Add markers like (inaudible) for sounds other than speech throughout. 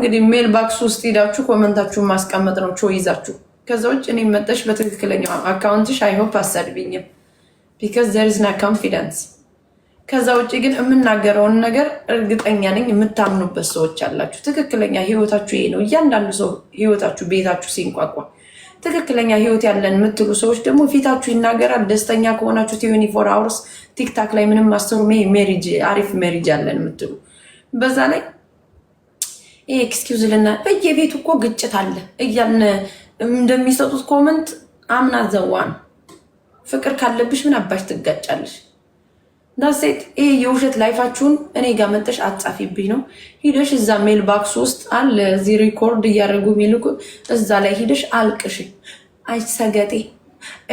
እንግዲህ ሜል ባክስ ውስጥ ሄዳችሁ ኮመንታችሁን ማስቀመጥ ነው ቾ ይዛችሁ። ከዛ ውጭ እኔ መጠሽ በትክክለኛው አካውንትሽ አይሆፕ አሳድብኝም ቢካዝ ዘር ኢዝ ና ኮንፊደንስ። ከዛ ውጭ ግን የምናገረውን ነገር እርግጠኛ ነኝ የምታምኑበት ሰዎች አላችሁ። ትክክለኛ ህይወታችሁ ይሄ ነው። እያንዳንዱ ሰው ህይወታችሁ ቤታችሁ ሲንቋቋ ትክክለኛ ህይወት ያለን የምትሉ ሰዎች ደግሞ ፊታችሁ ይናገራል። ደስተኛ ከሆናችሁ ትዌንቲ ፎር አወርስ ቲክታክ ላይ ምንም አሰሩ ሜሪጅ አሪፍ ሜሪጅ ያለን የምትሉ በዛ ላይ ይሄ ኤክስኪውዝ ልና በየቤቱ እኮ ግጭት አለ እያልን እንደሚሰጡት ኮመንት አምና ዘዋ ነው። ፍቅር ካለብሽ ምን አባሽ ትጋጫለሽ? ዳሴት ይሄ የውሸት ላይፋችሁን እኔ ጋር መጠሽ አጻፊብኝ ነው። ሂደሽ እዛ ሜል ባክስ ውስጥ አለ እዚህ ሪኮርድ እያደረጉ ሚልኩ እዛ ላይ ሂደሽ አልቅሽ። አች ሰገጤ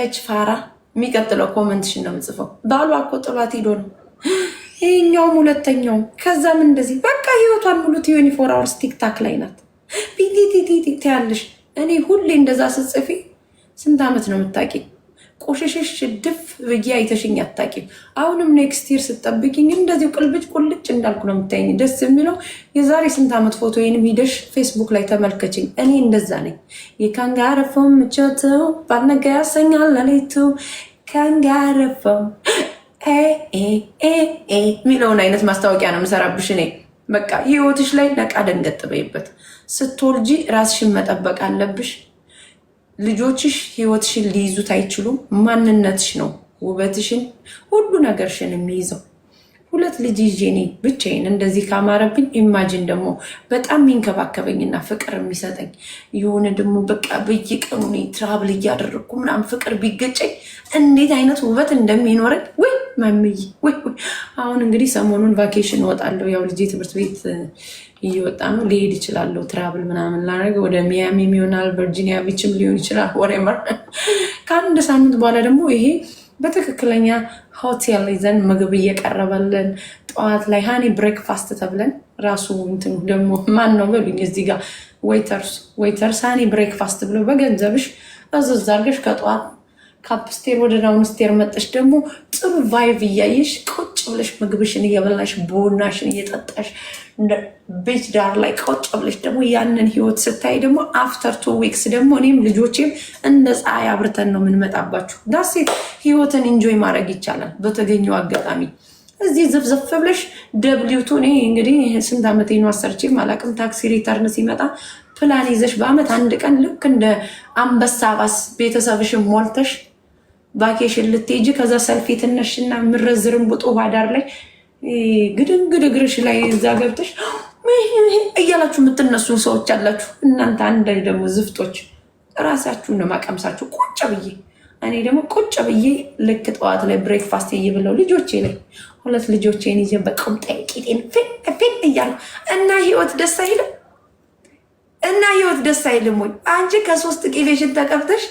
እች ፋራ የሚቀጥለው ኮመንትሽን ነው ምጽፈው። ባሏ እኮ ጥሏት ሂዶ ነው ይሄኛውም ሁለተኛውም ከዛም እንደዚህ በቃ ህይወቷን ሙሉ ትዌንቲ ፎር አወርስ ቲክታክ ላይ ናት። ቢቲቲቲቲ ያለሽ እኔ ሁሌ እንደዛ ስጽፊ ስንት ዓመት ነው የምታቂ? ቆሸሸሽ ድፍ ብዬ አይተሽኝ አታቂም። አሁንም ኔክስት ይር ስጠብቅኝ እንደዚሁ ቅልብጭ ቁልጭ እንዳልኩ ነው የምታይኝ። ደስ የሚለው የዛሬ ስንት ዓመት ፎቶ ወይንም ሂደሽ ፌስቡክ ላይ ተመልከችኝ። እኔ እንደዛ ነኝ። የካንጋረፈው ምቸትው ባነጋ ያሰኛል ለሌቱ ካንጋረፈው የሚለውን አይነት ማስታወቂያ ነው የምሰራብሽ እኔ። በቃ ህይወትሽ ላይ ነቃ ደንገጥ በይበት። ስትወልጂ ራስሽን መጠበቅ አለብሽ። ልጆችሽ ህይወትሽን ሊይዙት አይችሉም። ማንነትሽ ነው ውበትሽን፣ ሁሉ ነገርሽን የሚይዘው። ሁለት ልጅ ይዤ እኔ ብቻዬን እንደዚህ ካማረብኝ፣ ኢማጂን ደግሞ በጣም የሚንከባከበኝና ፍቅር የሚሰጠኝ የሆነ ደግሞ በቃ በየቀኑ ትራብል እያደረግኩ ምናምን ፍቅር ቢገጨኝ እንዴት አይነት ውበት እንደሚኖረኝ ወይ መምይ አሁን እንግዲህ ሰሞኑን ቫኬሽን እወጣለሁ። ያው ልጄ ትምህርት ቤት እየወጣ ነው። ሊሄድ ይችላለሁ ትራብል ምናምን ላደርግ ወደ ሚያሚ ይሆናል፣ ቨርጂኒያ ቢችም ሊሆን ይችላል። ወሬመር (laughs) ከአንድ ሳምንት በኋላ ደግሞ ይሄ በትክክለኛ ሆቴል ይዘን ምግብ እየቀረበልን ጠዋት ላይ ሃኒ ብሬክፋስት ተብለን ራሱ እንትን ደግሞ ማን ነው በሉኝ እዚህ ጋር ዌይተርስ ሃኒ ብሬክፋስት ብሎ በገንዘብሽ እዝዝ አድርገሽ ከጠዋት ከአፕስቴር ወደ ዳውንስቴር መጠሽ ደግሞ ጥሩ ቫይቭ እያየሽ ቆጭ ብለሽ ምግብሽን እየበላሽ ቡናሽን እየጠጣሽ ቤት ዳር ላይ ቆጭ ብለሽ ደግሞ ያንን ህይወት ስታይ ደግሞ አፍተር ቱ ዊክስ ደግሞ እኔም ልጆቼም እንደ ፀሐይ አብርተን ነው የምንመጣባችሁ። ዳሴት ህይወትን ኢንጆይ ማድረግ ይቻላል በተገኘው አጋጣሚ። እዚህ ዘፍዘፍ ብለሽ ደብሊውቱ እኔ እንግዲህ ስንት ዓመት ነው አሰርቼ አላቅም። ታክሲ ሪተርን ሲመጣ ፕላን ይዘሽ በአመት አንድ ቀን ልክ እንደ አንበሳ ባስ ቤተሰብሽን ሞልተሽ ቫኬሽን ልትሄጂ ከዛ ሰልፊ ትነሽና የምረዝርን ብጦ ባዳር ላይ ግድንግድ እግርሽ ላይ እዛ ገብተሽ እያላችሁ የምትነሱ ሰዎች አላችሁ። እናንተ አንድ ደግሞ ዝፍጦች ራሳችሁን ነው ማቀምሳችሁ። ቁጭ ብዬ እኔ ደግሞ ቁጭ ብዬ ልክ ጠዋት ላይ ብሬክፋስት እየበላሁ ልጆቼ ላይ ሁለት ልጆቼን ይዤ በቁምጣ ቂጤን ፌን ፌን እያሉ እና ህይወት ደስ አይልም። እና ህይወት ደስ አይልም ወይ? አንቺ ከሶስት ቂቤሽን ተቀብተሽ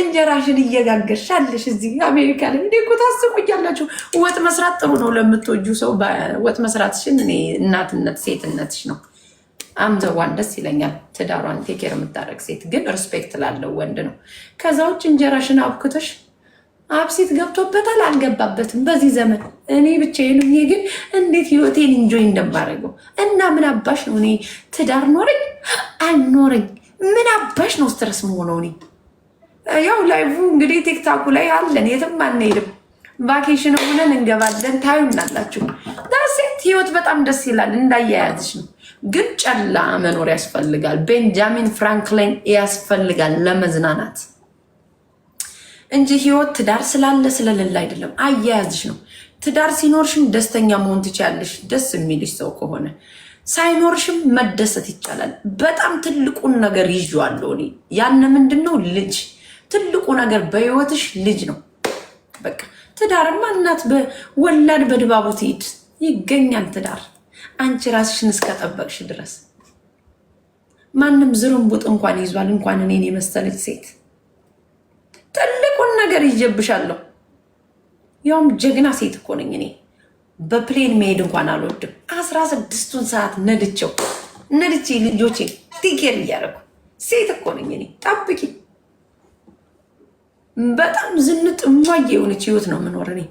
እንጀራሽን እየጋገርሽ አለሽ እዚህ አሜሪካ ላይ። እንዴ እኮ ወጥ መስራት ጥሩ ነው ለምትወጁ ሰው ወጥ መስራትሽን እኔ እናትነት ሴትነትሽ ነው አምዘዋን ደስ ይለኛል። ትዳሯን ቴኬር የምታደረግ ሴት ግን ሪስፔክት ላለው ወንድ ነው። ከዛ ውጭ እንጀራሽን አብክተሽ አብሲት ገብቶበታል አልገባበትም፣ በዚህ ዘመን እኔ ብቻዬን ሆኜ ግን እንዴት ህይወቴን እንጆይ እንደማደርገው እና ምን አባሽ ነው እኔ ትዳር ኖረኝ አልኖረኝ። ምን አባሽ ነው ስትረስ መሆነው? እኔ ያው ላይቭ እንግዲህ ቲክታኩ ላይ አለን፣ የትም አንሄድም። ቫኬሽን ሆነን እንገባለን፣ ታዩናላችሁ። ዳሴት ህይወት በጣም ደስ ይላል፣ እንዳያያዝሽ ነው። ግን ጨላ መኖር ያስፈልጋል፣ ቤንጃሚን ፍራንክሊን ያስፈልጋል ለመዝናናት እንጂ ህይወት ትዳር ስላለ ስለሌለ አይደለም። አያያዝሽ ነው። ትዳር ሲኖርሽም ደስተኛ መሆን ትችያለሽ፣ ደስ የሚልሽ ሰው ከሆነ ሳይኖርሽም መደሰት ይቻላል። በጣም ትልቁን ነገር ይዤዋለሁ እኔ። ያን ምንድን ነው ልጅ፣ ትልቁ ነገር በህይወትሽ ልጅ ነው። በቃ ትዳርማ እናት ወላድ በድባቡ ትሄድ ይገኛል ትዳር አንቺ ራስሽን እስከጠበቅሽ ድረስ ማንም ዝርንቡጥ እንኳን ይዟል፣ እንኳን እኔን የመሰለች ሴት። ትልቁን ነገር ይጀብሻለሁ። ያውም ጀግና ሴት እኮ ነኝ እኔ። በፕሌን መሄድ እንኳን አልወድም። አስራ ስድስቱን ሰዓት ነድቼው ነድቼ ልጆቼ ቲኬር እያደረጉ ሴት እኮ ነኝ እኔ። ጠብቂ በጣም ዝንጥ እማዬ የሆነች ህይወት ነው የምኖር እኔ።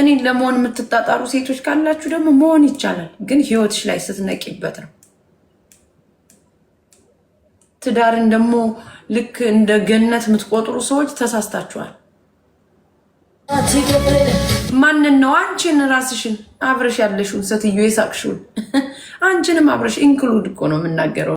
እኔ ለመሆን የምትጣጣሩ ሴቶች ካላችሁ ደግሞ መሆን ይቻላል፣ ግን ህይወትሽ ላይ ስትነቂበት ነው። ትዳርን ደግሞ ልክ እንደ ገነት የምትቆጥሩ ሰዎች ተሳስታችኋል። ማንን ነው? አንቺን ራስሽን አብረሽ ያለሽውን ሴትዮ የሳቅሽውን (laughs) አንቺንም አብረሽ ኢንክሉድ እኮ ነው የምናገረው።